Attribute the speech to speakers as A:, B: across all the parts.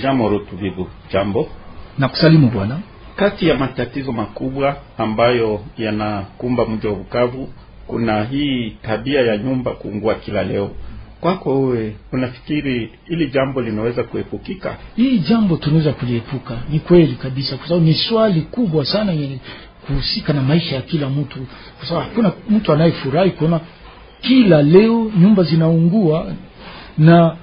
A: Jean Moro jambo
B: na kusalimu bwana.
A: Kati ya matatizo makubwa ambayo yanakumba mji wa Bukavu kuna hii tabia ya nyumba kuungua kila leo. Kwako wewe unafikiri hili jambo linaweza kuepukika?
B: Hii jambo tunaweza kuliepuka, ni kweli kabisa, kwa sababu ni swali kubwa sana yenye kuhusika na maisha ya kila mtu, kwa sababu hakuna mtu anayefurahi kuona kila leo nyumba zinaungua na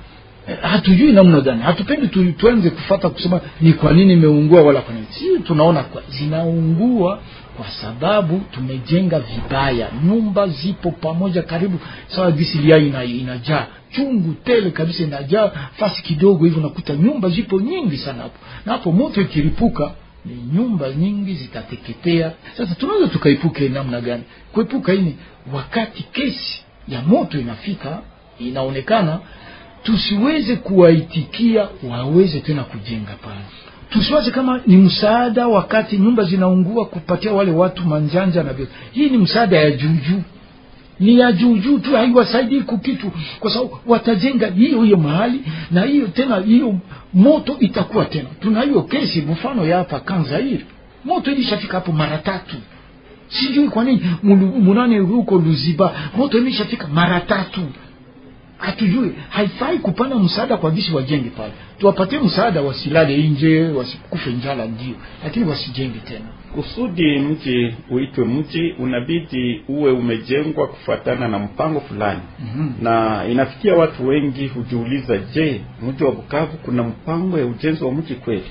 B: hatujui namna gani, hatupendi tu, tuanze kufata kusema ni kwa nini imeungua wala kwa nini si. Tunaona kwa zinaungua kwa sababu tumejenga vibaya. Nyumba zipo pamoja karibu sawa, lia ina, inajaa chungu tele kabisa, inajaa fasi kidogo hivyo, nakuta nyumba zipo nyingi sana hapo, na hapo moto ikiripuka ni nyumba nyingi zitateketea. Sasa tunaweza tukaipuka namna gani? Kuepuka ini wakati kesi ya moto inafika inaonekana tusiweze kuwaitikia waweze tena kujenga pale. Tusiwaze kama ni msaada wakati nyumba zinaungua kupatia wale watu manjanja na vyote. Hii ni msaada ya juujuu, ni ya juujuu tu, haiwasaidii kukitu, kwa sababu watajenga hiyo hiyo mahali na hiyo tena, hiyo moto itakuwa tena. Tuna hiyo kesi mfano ya hapa Kanzairi, moto ilishafika hapo mara tatu, sijui kwa nini munane huko Luziba, moto ilishafika mara tatu hatujui haifai kupana msaada kwa gisi wajenge pale, tuwapatie msaada, wasilale nje, wasikufe njala, ndio lakini wasijenge tena.
A: Kusudi mji uitwe mji, unabidi uwe umejengwa kufuatana na mpango fulani. mm -hmm. Na inafikia watu wengi hujiuliza, je, mji wa Bukavu kuna mpango ya ujenzi wa mji kweli?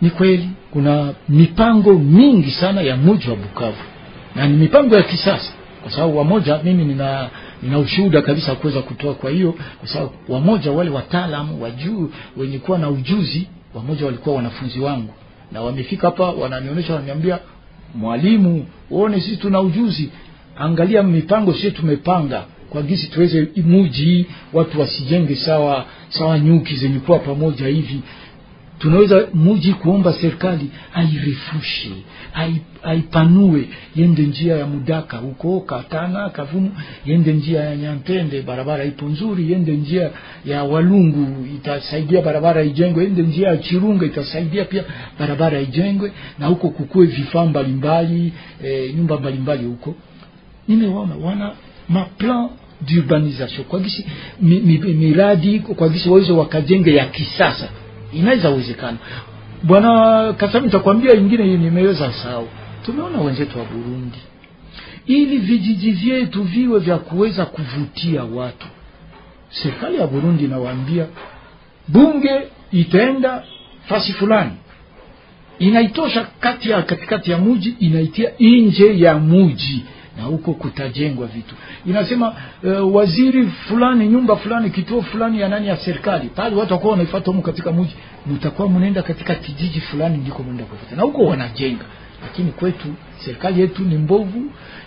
B: Ni kweli kuna mipango mingi sana ya mji wa Bukavu na ni mipango ya kisasa, kwa sababu wamoja, mimi nina nina ushuhuda kabisa kuweza kutoa. Kwa hiyo kwa sababu wamoja wale wataalamu wa juu wenye kuwa na ujuzi, wamoja walikuwa wanafunzi wangu na wamefika hapa, wananionyesha, wananiambia, mwalimu, uone sisi tuna ujuzi, angalia mipango sisi tumepanga kwa gisi tuweze imuji watu wasijenge sawa sawa nyuki zenye kuwa pamoja hivi, tunaweza muji kuomba serikali airefushe aipanue, yende njia ya Mudaka huko Katana Kavumu, yende njia ya Nyampende, barabara ipo nzuri, yende njia ya Walungu itasaidia barabara ijengwe, yende njia ya Chirunga itasaidia pia barabara ijengwe, na huko kukue vifaa mbalimbali e, nyumba mbalimbali huko. Nimeona wana maplan d'urbanisation kwa gisi miradi mi, kwa gisi waweze wakajenge ya kisasa inaweza wezekana. Bwana Kasami, nitakwambia ingine nimeweza sawa. Tumeona wenzetu wa Burundi, ili vijiji vyetu viwe vya kuweza kuvutia watu, serikali ya Burundi inawaambia bunge itaenda fasi fulani inaitosha kati ya katikati ya muji inaitia nje ya muji na huko kutajengwa vitu inasema e, waziri fulani nyumba fulani kituo fulani ya nani ya serikali pale watu wako wanaifuata huko katika mji mtakuwa mnaenda katika kijiji fulani ndiko mnaenda kufuata na huko wanajenga lakini kwetu serikali yetu ni mbovu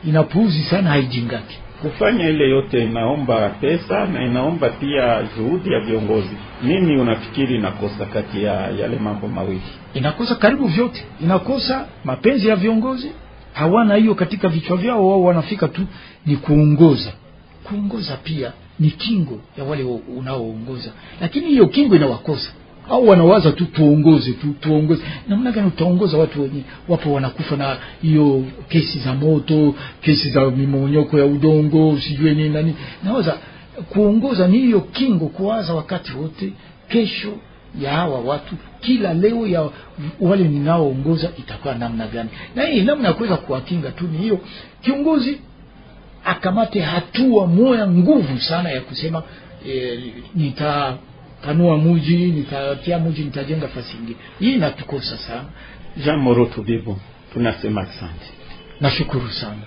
B: inapuuzi sana haijingaki
A: kufanya ile yote inaomba pesa na inaomba pia juhudi ya viongozi. Nini unafikiri inakosa kati ya yale mambo mawili?
B: Inakosa karibu vyote, inakosa mapenzi ya viongozi hawana hiyo katika vichwa vyao. Wao wanafika tu ni kuongoza. Kuongoza pia ni kingo ya wale unaoongoza, lakini hiyo kingo inawakosa au wanawaza tu tuongoze tu tuongoze. Namna gani utaongoza watu wenye wapo wanakufa na hiyo kesi za moto, kesi za mimonyoko ya udongo, sijue nini nani? Nawaza kuongoza ni hiyo kingo, kuwaza wakati wote kesho ya hawa watu kila leo ya wale ninaoongoza itakuwa namna gani? Na hii namna ya kuweza kuwakinga tu ni hiyo, kiongozi akamate hatua moya nguvu sana ya kusema e, nitapanua muji, nitatia muji, nitajenga fasi ingine. Hii inatukosa sana.
A: Jean Moroto Bibo, tunasema asante,
B: nashukuru sana.